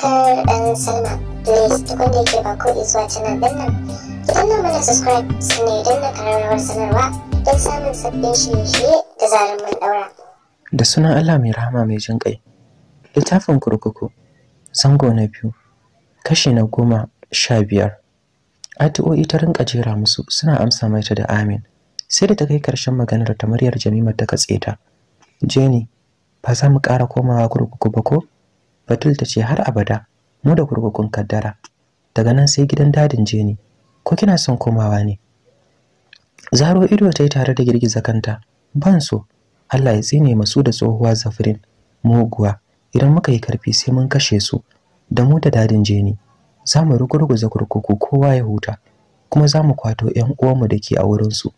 subscribe and sign up. Please tukun da yake ba ko zuwa canal din nan. Ki danna mana subscribe sannan idan na kararrawar sanarwa don samun sabbin shirye-shirye da zarar mun daura. Da sunan Allah mai rahama mai jin ƙai. Littafin kurkuku zango na biyu kashi na goma sha biyar. Addu'o'i ta rinƙa jera musu suna amsa mai ta da amin. Sai da ta kai ƙarshen maganar ta muryar Jamima ta katse ta. Jenny, ba za mu ƙara komawa kurkuku ba ko? batul ta ce har abada mu da kurkukun kaddara daga nan sai gidan dadin jeni ko kina son komawa ne zaro ido ta yi tare da girgiza kanta ban so Allah ya tsine masu da tsohuwa zafirin muguwa idan muka yi karfi sai mun kashe su da mu da dadin jeni za mu rugurguza kurkuku kowa ya huta kuma za mu kwato ƴan uwanmu da ke a wurinsu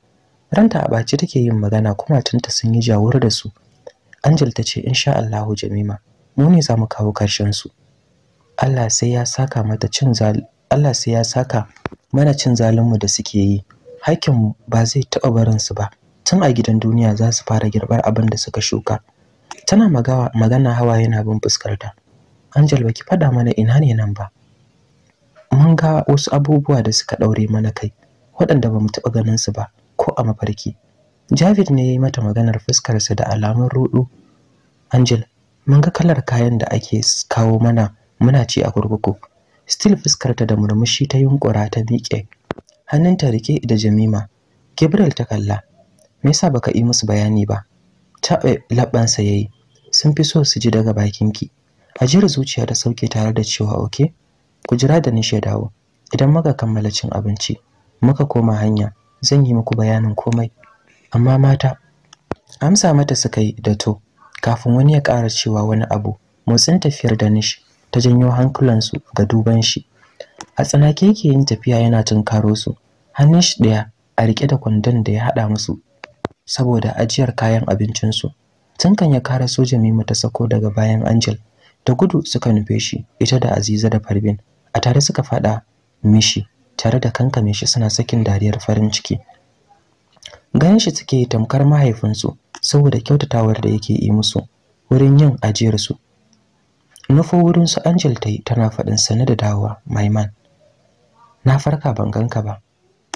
ranta a ɓace take yin magana kuma tunta sun yi jawur da su Angel ta ce insha Allahu Jamima mu ne za mu kawo karshen su Allah sai ya saka mata cin Allah sai ya saka mana cin zalunmu da suke yi hakkin ba zai taɓa barin su ba tun a gidan duniya za su fara girbar abin da suka shuka tana magawa magana hawa yana bin fuskarta Angel baki faɗa mana ina ne nan ba mun ga wasu abubuwa da suka ɗaure mana kai waɗanda ba mu taɓa ganin su ba ko a mafarki Javid ne ya yi mata maganar fuskarsa da alamun rudu Angel mun ga kalar kayan da ake kawo mana muna ci a kurkuku still fuskarta da murmushi ta yunkura ta miƙe hannunta rike da jamima gabriel ta kalla me yasa baka yi musu bayani ba ta labban ya yi sun fi so su ji daga bakinki jira zuciya da sauke tare da cewa oke ku jira da ni dawo idan muka kammala cin abinci muka koma hanya zan yi muku bayanin komai amma mata amsa mata suka yi da to kafin wani ya ƙara cewa wani abu motsin tafiyar danish ta janyo hankulansu ga duban shi a tsanake yake yin tafiya yana tunkaro su hannun shi ɗaya a riƙe da kwandon da ya haɗa musu saboda ajiyar kayan abincinsu tunkan ya kara soja mimu ta sako daga bayan Angel da gudu suka nufe shi ita da Aziza da Farbin a tare suka faɗa mishi tare da kankame shi suna sakin dariyar farin ciki ganin shi suke tamkar mahaifinsu saboda kyautatawar da yake yi musu wurin yin ajiyar su nufo wurin su Angel tai tana faɗin sane da dawowa Maiman na farka ban ganka ba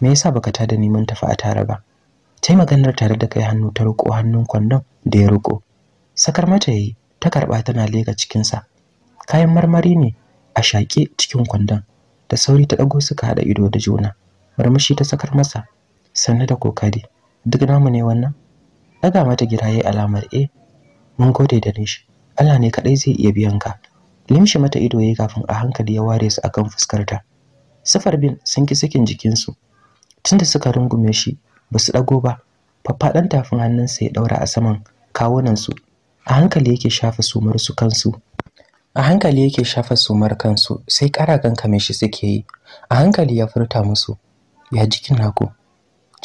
me yasa baka ta da neman tafi a tare ba tai maganar tare da kai hannu ta riko hannun kwandon da ya riko sakar mata yi ta karɓa tana leka cikin sa kayan marmari ne a shaƙe cikin kwandon da sauri ta ɗago suka haɗa ido da juna Marmashi ta sakar masa sane da kokari duk namu ne wannan daga mata gira yayi alamar eh mun gode da nishi Allah ne kadai zai iya biyan ka limshi mata ido yayi kafin a hankali ya ware su akan fuskar ta safar bin sun ki sakin jikinsu tunda suka rungume shi basu dago ba faffadan tafin sa ya daura a saman kawunan su a hankali yake shafa sumar su kansu a hankali yake shafa sumar kansu sai karagan kame shi suke yi a hankali ya furta musu ya jikin naku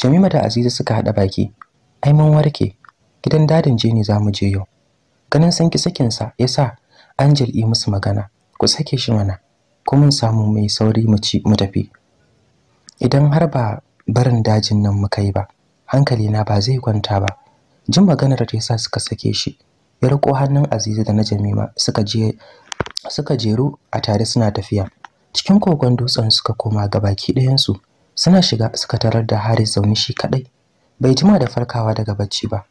Jamima da Aziza suka hada baki ai mun warke gidan dadin je ne zamu je yau ganin sanki sakin sa yasa Angel yi musu magana ku sake shi mana kuma mun samu mai sauri mu ci mu tafi idan har ba barin dajin nan muka yi ba hankali na ba zai kwanta ba jin maganar ta yasa suka sake shi ya riko hannun azizi da na Jamima suka je suka jeru a tare suna tafiya cikin kogon dutsen suka koma ga baki ɗayansu suna shiga suka tarar da Haris zaune shi kadai bai jima da farkawa daga bacci ba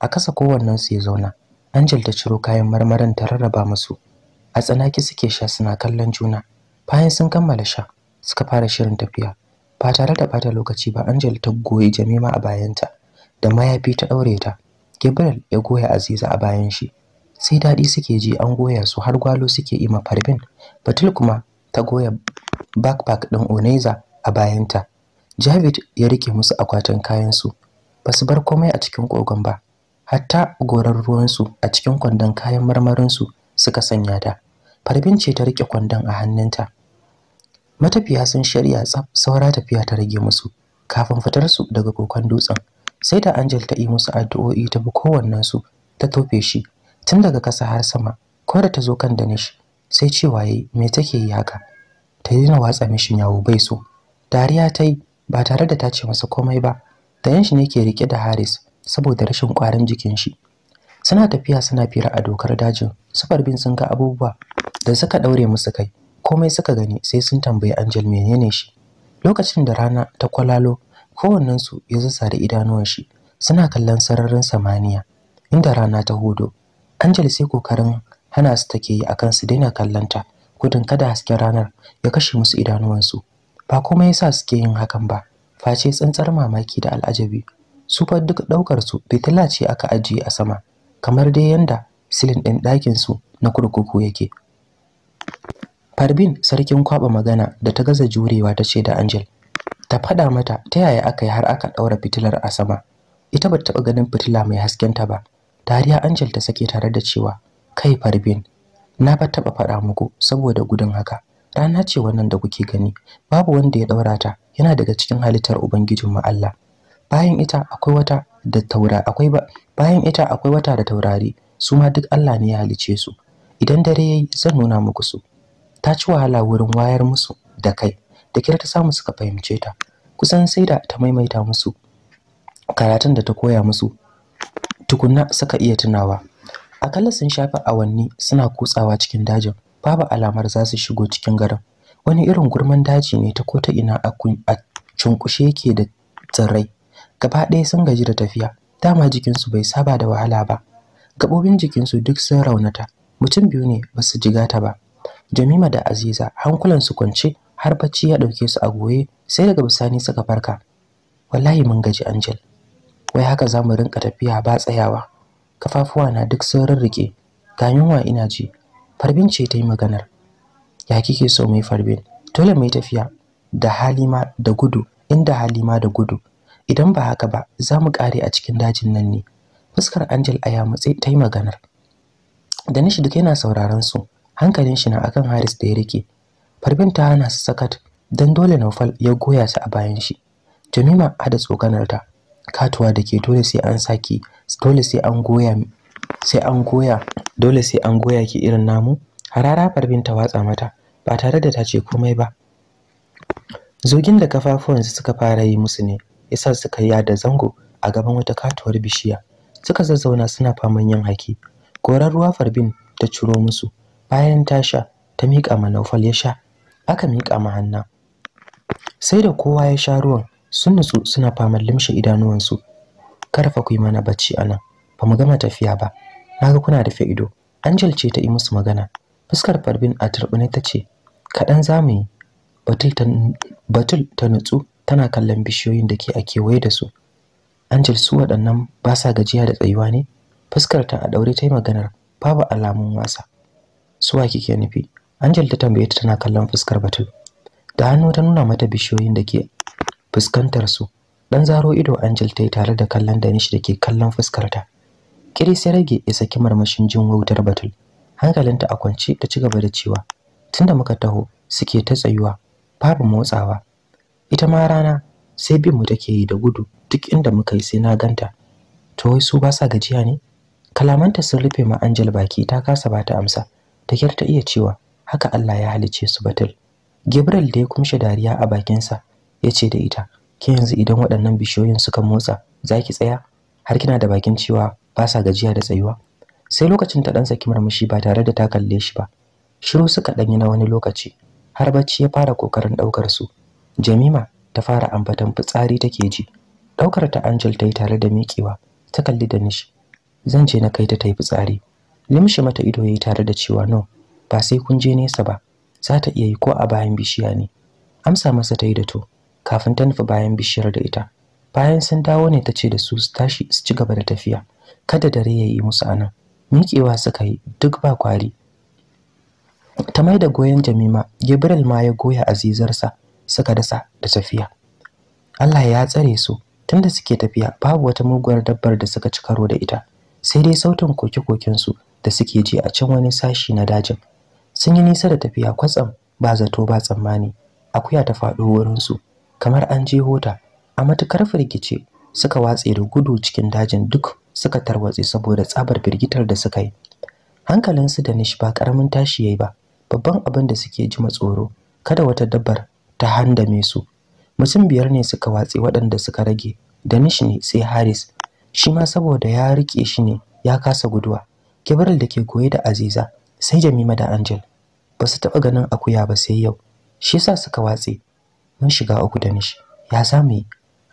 a kasa kowannen su ya zauna Angel ta ciro kayan marmarin ta rarraba musu a tsanaki suke sha suna kallon juna bayan sun kammala sha suka fara shirin tafiya ba tare da bata lokaci ba Angel ta goyi Jamima a bayanta da mayafi ta daure ta Gabriel ya goya Aziza a bayan shi sai daɗi suke ji an goya su har gwalo suke yi ma Farbin Batul kuma ta goya backpack din Oneza a bayanta Javid ya rike musu akwatin kayan su ba su bar komai a cikin kogon ba hatta gorar ruwansu a cikin kwandon kayan marmarinsu suka sanya da farbin ce ta rike kwandon a hannunta matafiya sun shirya tsaf saura tafiya ta rage musu kafin fitar su daga kokon dutsen sai da angel ta yi musu addu'o'i ta bi su ta tofe shi tun daga kasa har sama ko da ta zo kan danish sai cewa yayi me take yi haka ta yi na watsa mishin yawo bai so dariya ta yi ba tare da ta ce masa komai ba Tayan shi ne ke rike da Haris saboda rashin ƙwarin jikin shi. Suna tafiya suna fira a dokar dajin. Sufar bin sun ga abubuwa da suka daure musu kai. Komai suka gani sai sun tambayi Angel menene shi. Lokacin da rana ta kwalalo, su ya zasa da idanuwan shi. Suna kallon sararin samaniya inda rana ta hudo. Angel sai kokarin hana su take yi akan su daina kallonta. Gudun kada hasken ranar ya kashe musu idanuwansu. Ba komai yasa suke yin hakan ba. face tsantsar mamaki da al'ajabi su fa duk ɗaukar su fitila ce aka ajiye a sama kamar dai yanda silin ɗin ɗakin su na kurkuku yake Farbin sarkin kwaba magana da ta gaza jurewa ta ce da Angel ta faɗa mata ta yaya aka yi har aka ɗaura fitilar a sama ita ba ta taɓa ganin fitila mai hasken ta ba dariya Angel ta sake tare da cewa kai Farbin na ba taɓa faɗa muku saboda gudun haka rana ce wannan da kuke gani babu wanda ya daura ta yana daga cikin halittar ubangijinmu Allah bayan ita akwai wata da taura akwai ba bayan ita akwai wata da taurari su ma duk Allah ne ya halice su idan dare yayi zan nuna muku su ta ci wahala wurin wayar musu da kai da kira ta samu suka fahimce ta kusan sai da ta maimaita musu karatun da ta koya musu tukunna suka iya tunawa akalla sun shafe awanni suna kutsawa cikin dajin babu alamar za su shigo cikin garin wani irin gurman daji ne ta kota ina a cunkushe yake da tsirrai gaba ɗaya sun gaji da tafiya dama jikinsu bai saba da wahala ba gaɓoɓin jikinsu duk sun raunata mutum biyu ne ba su ta ba jamima da aziza hankulan su kwance har bacci ya ɗauke su a goye sai daga bisani suka farka wallahi mun gaji angel wai haka za mu rinka tafiya ba tsayawa kafafuwa na duk sun rirriƙe ga yunwa ina ji farbin ce ta yi maganar ya kike so mai farbe dole mai tafiya da halima da gudu inda halima da gudu idan ba haka ba za mu kare a cikin dajin nan ne fuskar angel a yamutse ta yi maganar da nishi duk yana sauraron su hankalin shi na akan haris da ya rike farbin ta hana su sakat don dole naufal ya goya su a bayan shi jamima hada tsokanar ta katuwa da ke dole sai an saki dole sai an goya sai an goya dole sai an goya ki irin namu harara farbin ta watsa mata ba tare da ta ce komai ba zogin da kafafuwansu suka fara yi musu ne yasa suka yi da zango a gaban wata katuwar bishiya suka zazzauna suna faman yin haki Gorar ruwa farbin ta ciro musu bayan tasha ta miƙa ma ya sha aka miƙa ma hanna sai da kowa ya sha ruwan sun nutsu suna faman limshe idanuwansu karfa ku yi mana bacci a nan ba mu gama tafiya ba na ga kuna da fa'ido angel ce ta yi musu magana fuskar farbin a turbine ta ce kaɗan za yi batul ta nutsu tana kallon bishiyoyin da ke a kewaye da su angel su waɗannan ba sa gajiya da tsayuwa ne fuskar ta a ɗaure ta yi maganar babu alamun wasa suwa kike nufi angel ta tambaye ta tana kallon fuskar batul da hannu ta nuna mata bishiyoyin da ke fuskantar su dan zaro ido angel ta yi tare da kallon danish da ke kallon fuskar ta kiris ya rage isa saki marmashin jin wautar batul hankalinta a kwance ta ci gaba da cewa tunda muka taho suke ta tsayuwa babu motsawa ita ma rana sai bin mu take yi da gudu duk inda muka yi sai na ganta to wai su ba sa gajiya ne kalamanta sun rufe ma Angel baki ta kasa ba ta amsa ta kyar ta iya cewa haka Allah ya halice su batul Gabriel da ya kumshe dariya a bakinsa ya ce da ita ke yanzu idan waɗannan bishiyoyin suka motsa za ki tsaya har kina da bakin cewa ba sa gajiya da tsayuwa sai lokacin ta ɗan saki murmushi ba tare da ta kalle shi ba shiru suka ɗanyi na wani lokaci har bacci ya fara kokarin ɗaukar su jamima ta fara ambatan fitsari take ji ɗaukar ta angel ta yi tare da miƙewa ta kalli da nishi zan je na kai ta ta yi fitsari limshi mata ido ya tare da cewa no ba sai kun je nesa ba za ta iya yi ko a bayan bishiya ne amsa masa ta yi da to kafin ta nufi bayan bishiyar da ita bayan sun dawo ne ta ce da su su tashi su ci gaba da tafiya kada dare ya yi musu anan miƙewa suka yi duk ba kwari ta mai da goyon jamima gabriel ma ya goya azizarsa suka dasa da tafiya allah ya tsare su tunda suke tafiya babu wata muguwar dabbar da suka ci karo da ita sai dai sautin koke-kokensu da suke ji a can wani sashi na dajin sun yi nisa da tafiya kwatsam ba zato ba tsammani akuya ta faɗo wurinsu kamar an je hota a matukar firgice suka watse da gudu cikin dajin duk suka tarwatse saboda tsabar firgitar da suka yi hankalinsu da nish ba karamin tashi yayi ba babban abin da suke ji tsoro kada wata dabbar ta handame su mutum biyar ne suka watsi waɗanda suka rage da nishi ne sai haris shi ma saboda ya rike shi ne ya kasa guduwa kibril da ke koyi da aziza sai jamima da angel ba su taɓa ganin akuya ba sai yau shi yasa suka watse mun shiga uku da nishi ya zamu yi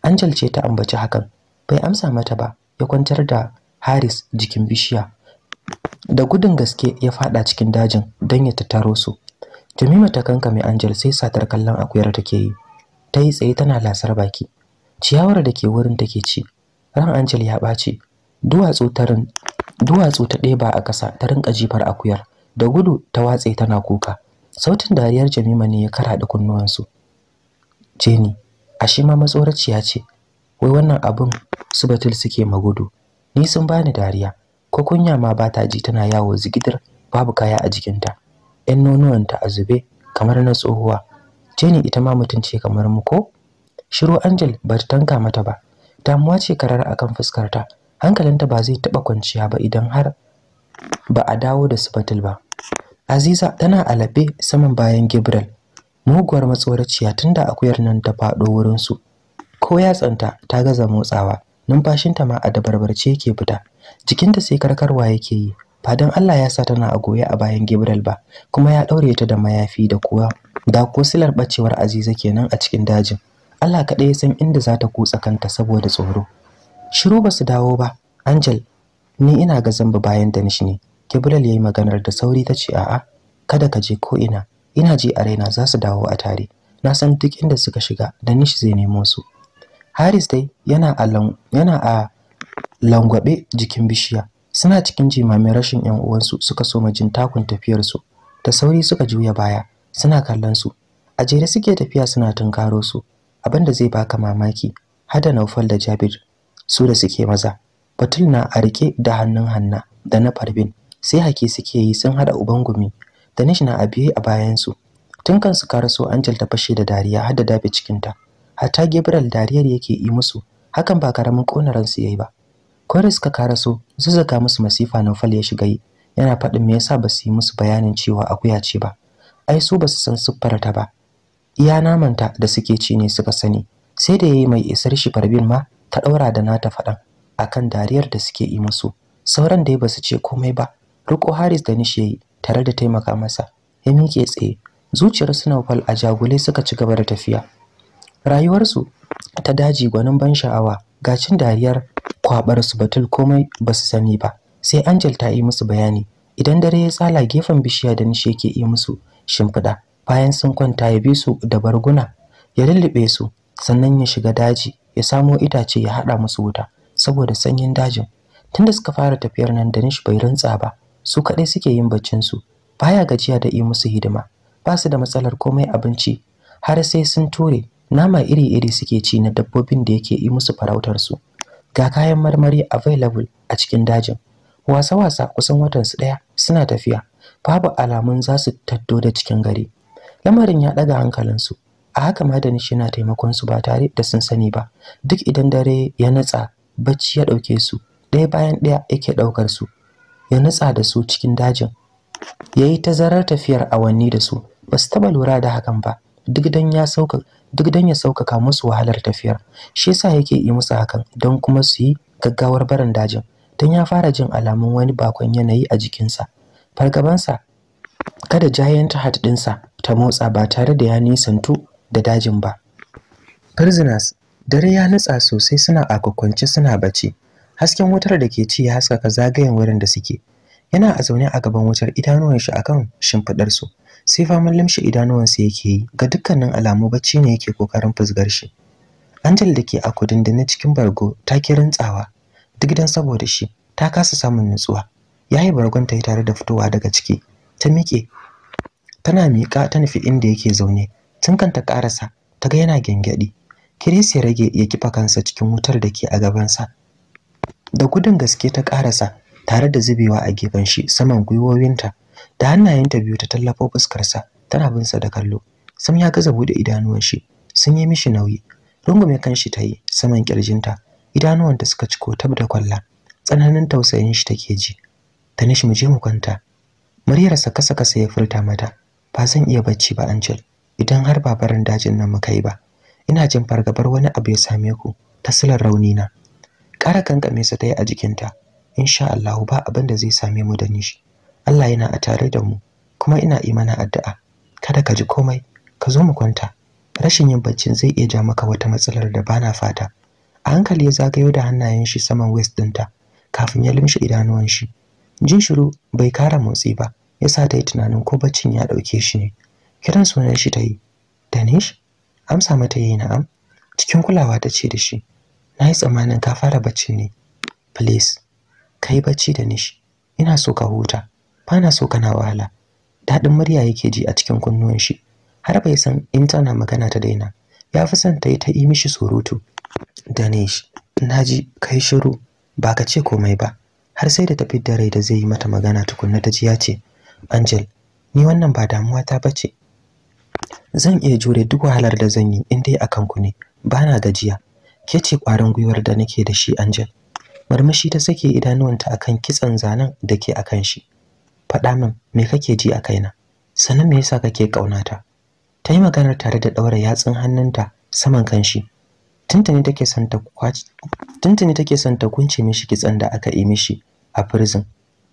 angel ce ta ambaci hakan bai amsa mata ba ya kwantar da haris jikin bishiya da gudun gaske ya fada cikin dajin don ya tattaro su jamima ta kanka mai angel sai satar kallon akuyar take yi ta yi tsaye tana lasar baki ciyawar da ke wurin take ci ran angel ya ɓaci duwatsu ta ɗeba a ƙasa ta rinka jifar akuyar da gudu ta watse tana kuka sautin dariyar jamima ne ya karaɗe kunnuwansu jeni ashe ma matsoraciya ce wai wannan abun su batul suke magudu ni sun bani dariya ko kunya ma ba ta ji tana yawo zigidar babu kaya a jikinta yan nonuwanta a zube kamar na tsohuwa jeni ita ma mutum ce kamar mu ko shiru angel ba ta tanka mata ba damuwa ce karar akan fuskarta hankalinta ba zai taɓa kwanciya ba idan har ba a dawo da sibatul ba aziza tana alabe saman bayan gabriel muguwar matsoraciya tunda akuyar nan ta faɗo wurinsu ko yatsanta ta gaza motsawa numfashinta ma a dabarbarce yake fita jikinta sai karkarwa yake yi ba don Allah ya sa tana a goye a bayan Gabriel ba kuma ya daure ta da mayafi da kuwa da ko silar bacewar Aziza kenan a cikin dajin Allah kaɗai ya san inda za ta kutsa kanta saboda tsoro shiru ba su dawo ba Angel ni ina ga zamba bayan Danish ne Gabriel yayi maganar da sauri ta ce a'a kada ka je ko ina ina ji a raina za su dawo a tare na san duk inda suka shiga Danish zai nemo su Haris dai yana a yana a langwabe jikin bishiya suna cikin jimamin rashin 'yan uwansu suka soma jin takun tafiyar su da sauri suka juya baya suna kallon su a jere suke tafiya suna tunkaro su abinda zai baka mamaki hada Naufal da Jabir su da suke maza Batul na a rike da hannun Hanna da na Farbin sai hake suke yi sun hada uban gumi Danish na a biye a bayan su tun kan su karaso Angel ta fashe da dariya har da dafe cikinta. ta hatta Gabriel dariyar yake yi musu hakan ba karamin ƙonaran su yayi ba kore suka karaso zuzzuka musu masifa fal ya shiga yana faɗin me yasa ba su yi musu bayanin cewa akuya ce ba ai su ba su san siffar ta ba iya namanta da suke ci ne suka sani sai da yayi mai isar shi farbin ma ta ɗaura da nata faɗan akan dariyar da suke yi musu sauran dai ba su ce komai ba riko Haris da nishi yayi tare da taimaka masa ya miƙe tsaye zuciyar su fal a jagule suka ci gaba da tafiya rayuwarsu ta daji gwanin ban sha'awa ga cin dariyar kwabar su batul komai ba su sani ba sai angel ta yi musu bayani idan dare ya tsala gefen bishiya da nishe ke yi musu shimfiɗa bayan sun kwanta ya bi su da barguna ya lullube su sannan ya shiga daji ya samo itace ya haɗa musu wuta saboda sanyin dajin tunda suka fara tafiyar nan da danish bai rantsa ba su kaɗai suke yin baccin su baya gajiya da yi musu hidima ba su da matsalar komai abinci har sai sun ture nama iri-iri suke ci na dabbobin da yake yi musu farautar su ga kayan marmari available a cikin dajin wasa-wasa kusan watan su daya suna tafiya babu alamun za su taddo da cikin gari lamarin ya ɗaga hankalinsu a haka ma madani shi na taimakon su ba tare da sun sani ba duk idan dare ya natsa bacci ya ɗauke su ɗaya bayan ɗaya yake ɗaukar su ya natsa da su cikin dajin yayi tazarar tafiyar awanni da su ba su taɓa lura da hakan ba duk dan ya sauka duk dan ya saukaka musu wahalar tafiyar shi yasa yake yi musu hakan don kuma su yi gaggawar barin dajin don ya fara jin alamun wani bakon yanayi a jikinsa fargabansa kada giant heart ɗinsa ta motsa ba tare da ya nisantu da dajin ba prisoners dare ya nutsa sosai suna akwakwance suna bacci hasken wutar da ke ci ya haskaka zagayen wurin da suke yana a zaune a gaban wutar idanuwan shi akan shimfidar su sai faman limshi idanuwansa yake yi ga dukkanin alamu bacci ne yake kokarin fusgar shi Angel da ke a na cikin bargo ta ki rintsawa duk dan saboda shi ta kasa samun nutsuwa yayi bargon ta yi tare da fitowa daga ciki ta miƙe tana miƙa ta nufi inda yake zaune tun ta ƙarasa ta ga yana gyangyaɗi kiris ya rage ya kifa kansa cikin wutar da ke a gabansa da gudun gaske ta ƙarasa tare da zubewa a gefen shi saman gwiwowinta da hannayen ta biyu ta tallafo fuskarsa tana bin sa da kallo sam ya gaza bude idanuwan shi sun yi mishi nauyi rungume kanshi ta yi saman kirjinta idanuwanta suka ciko tab da kwalla tsananin tausayin shi take ji tanish mu je mu kwanta muryarsa kasa kasa ya furta mata ba zan iya bacci ba Angel idan har ba dajin nan muka yi ba ina jin fargabar wani abu ya same ku ta silar rauni na ƙara kankame sa ta yi a jikinta insha Allah ba abin da zai same mu da nishi Allah yana a tare da mu kuma ina imanin addu'a kada ka ji komai ka zo mu kwanta rashin yin baccin zai iya ja maka wata matsalar da bana fata a hankali ya zagayo da hannayen shi saman waist dinta kafin ya limshe idanuwan shi jin shiru bai kara motsi ba ya sa ta yi tunanin ko baccin ya dauke shi ne kiran sunan shi ta yi danish amsa mata yi na'am cikin kulawa ta ce da shi na yi tsammanin ka fara baccin ne please ka yi bacci danish ina so ka huta bana so kana wahala daɗin murya yake ji a cikin kunnuwan shi har bai san in tana magana ta daina ya fi son ta yi ta yi mishi surutu danish naji kai shiru ba ka ce komai ba har sai da ta da rai da zai yi mata magana tukunna ta ji ya ce angel ni wannan ba damuwa ta bace zan iya jure duk wahalar da zan yi in dai akan ku ne bana gajiya ke ce ƙwarin gwiwar da nake da shi angel marmashi ta sake idanuwanta akan kitsan zanen da ke akan shi faɗa min me kake ji a kaina sannan me yasa kake ƙauna ta Ta yi maganar tare da ɗaura yatsun hannunta saman kanshi tuntuni take son ta kunce mishi kitson da aka yi mishi a firzin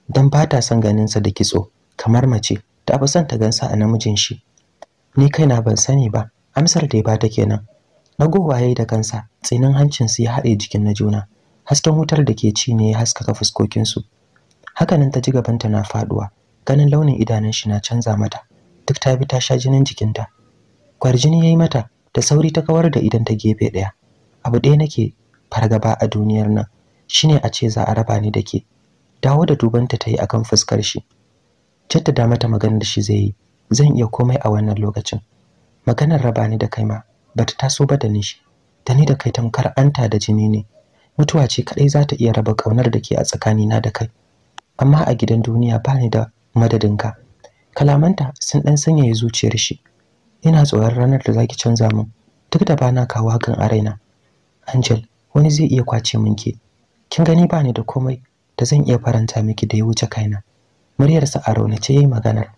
don ba ta son ganinsa da kitso kamar mace ta fi son ta gansa a namijin shi ni kaina ban sani ba amsar da ya ta kenan ya yi da kansa tsinin hancinsu ya haɗe jikin na juna hasken wutar da ke ci ne ya haskaka fuskokinsu hakanan ta ji gabanta na faduwa ganin launin idanun shi na canza mata duk ta bi ta sha jinin jikinta kwarjini yi mata da sauri ta kawar da idan ta gefe ɗaya. abu ɗaya nake fargaba a duniyar nan shine a ce za a raba ni da ke dawo da dubanta ta yi akan fuskar shi jaddada mata maganar shi zai yi zan iya komai a wannan lokacin maganar raba ni da kai ma bata taso ba da ni shi da ni da kai tamkar anta da jini ne mutuwa ce kaɗai za ta iya raba kaunar da ke a tsakanina da kai amma a gidan duniya ba ni da madadinka kalamanta sun ɗan sanyaya zuciyar shi ina tsoron ranar da zaki canza min duk da bana kawo hakan araina. angel wani zai iya kwace min ke kin gani ba ni da komai da zan iya faranta miki da ya wuce kaina muryarsa a ya yayi maganar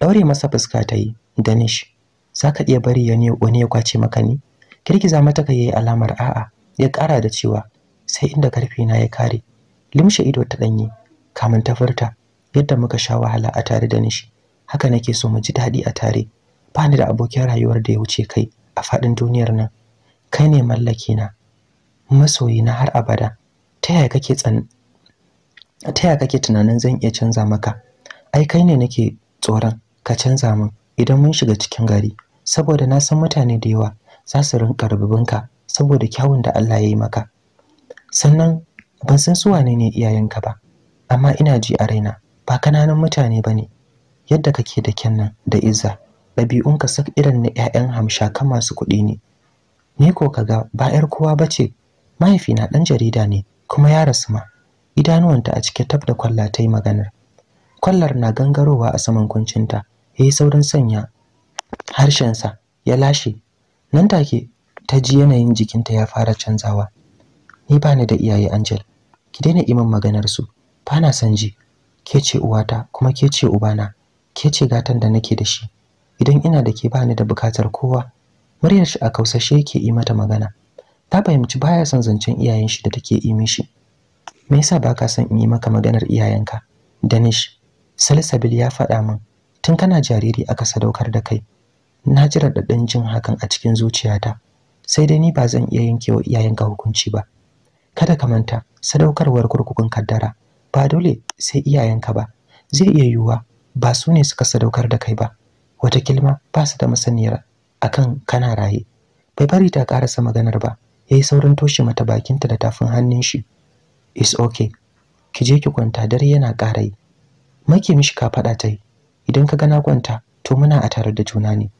daure masa fuska ta yi danish zaka iya bari ya ne wani ya kwace maka ni girgiza mata ka yayi alamar a'a ya kara da cewa sai inda karfi na ya kare limshe ido ta danye kamun ta furta yadda muka sha wahala a tare da nishi haka nake so mu ji daɗi a tare ba ni da abokin rayuwar da ya wuce kai a faɗin duniyar nan kai ne mallaki na masoyi na har abada ta yaya kake tsan ta tunanin zan iya canza maka ai kai ne nake tsoron ka canza min idan mun shiga cikin gari saboda na san mutane da yawa za su rinka rububinka saboda kyawun da Allah ya yi maka sannan ban san su wane ne iyayenka ba amma ina ji a raina ba kananan mutane bane yadda kake da kyan nan, da izza ɗabi'unka sak irin na ƴaƴan hamshaka masu kuɗi ne ni ko kaga ba 'yar kowa bace mahaifina ɗan jarida ne kuma ya rasu ma idanuwanta a cike tab da kwalla ta yi maganar kwallar na gangarowa a saman kuncinta ya yi saurin sanya sa, ya lashe nan take ta ji yanayin jikinta ya fara canzawa ni ba ni da iyaye angel ki daina iman maganar su bana son ji ke ce uwata kuma ke ce ubana ke ce gatan da nake da shi idan ina da ke bani da bukatar kowa muryar shi a kausashe yake yi mata magana ta fahimci baya son zancen iyayen shi da take yi mishi me yasa baka son in yi maka maganar iyayenka danish salisabil ya faɗa min tun kana jariri aka sadaukar da kai na ji raɗaɗin jin hakan a cikin zuciyata sai dai ni ba zan iya yanke wa iyayenka hukunci ba kada ka manta sadaukarwar kurkukun kaddara ba dole sai iyayenka ba zai iya yiwuwa ba su ne suka sadaukar da kai ba wata kilma ba su da masaniyar A akan kana raye bai bari ta karasa maganar ba Ya yi saurin toshe mata bakinta da tafin hannun shi is ok ki je ki kwanta dare yana yi maki mishi ka fada yi. idan ka gana kwanta to muna a tare da juna ne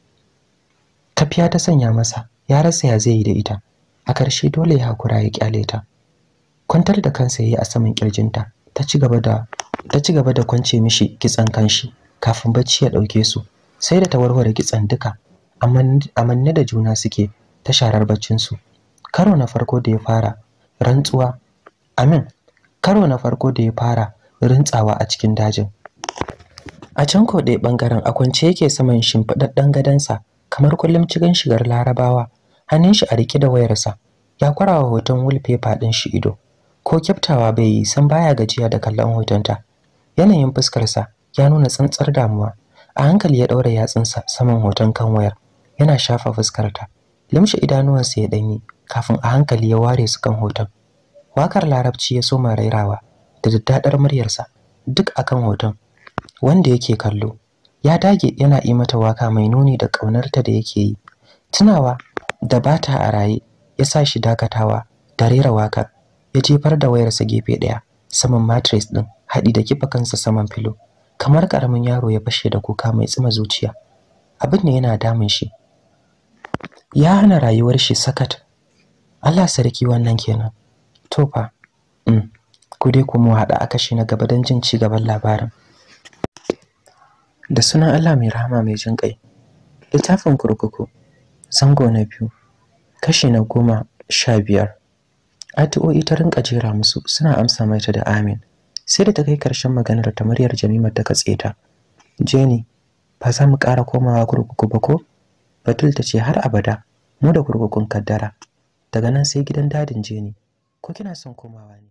kafiya ta sanya masa ya rasa ya zai yi da ita a ƙarshe dole ya hakura ya kyale ta kwantar da kansa ya yi a saman kirjinta ta ci gaba da ta ci gaba da kwance mishi kitsan kanshi kafin bacci ya dauke su sai da ta warware kitsan duka amanne da juna suke ta sharar baccin su karo na farko da ya fara rantsuwa amin karo na farko da ya fara rintsawa a cikin dajin a can ko ɗaya bangaren a kwance yake saman shimfiɗaɗɗen gadonsa kamar kullum cikin shigar larabawa hannun shi a rike da wayarsa ya kwarawa hoton wallpaper ɗin shi ido ko kyaftawa bai yi san baya gajiya da kallon hotonta yanayin fuskarsa ya nuna tsantsar damuwa a hankali ya ɗaura yatsunsa saman hoton kan wayar yana shafa fuskarta limshe idanuwansa ya ɗanyi kafin a hankali ya ware su kan hoton wakar larabci ya soma rairawa da daddaɗar muryarsa duk akan hoton wanda yake kallo ya dage yana yi mata waka mai nuni da ƙaunarta da yake yi tunawa da bata a raye ya sa shi dakatawa da rera wakar ya jefar da wayarsa gefe ɗaya saman mattress ɗin haɗi da kifa kansa saman filo kamar ƙaramin yaro ya fashe da kuka mai tsima zuciya abin ne yana damun shi ya hana rayuwar shi sakat Allah sarki wannan kenan to fa mm. ku dai kuma haɗa akashi na gaba don jin ci gaban labarin da sunan Allah mai rahama mai jin ƙai littafin kurkuku zango na biyu kashi na goma sha biyar addu'o'i ta rinka jera musu suna amsa mai ta da amin sai da ta kai karshen maganar ta muryar Jamima ta katse ta Jenny ba za mu ƙara komawa kurkuku ba ko Batul ta ce har abada mu da kurkukun kaddara daga nan sai gidan dadin Jenny ko kina son komawa ne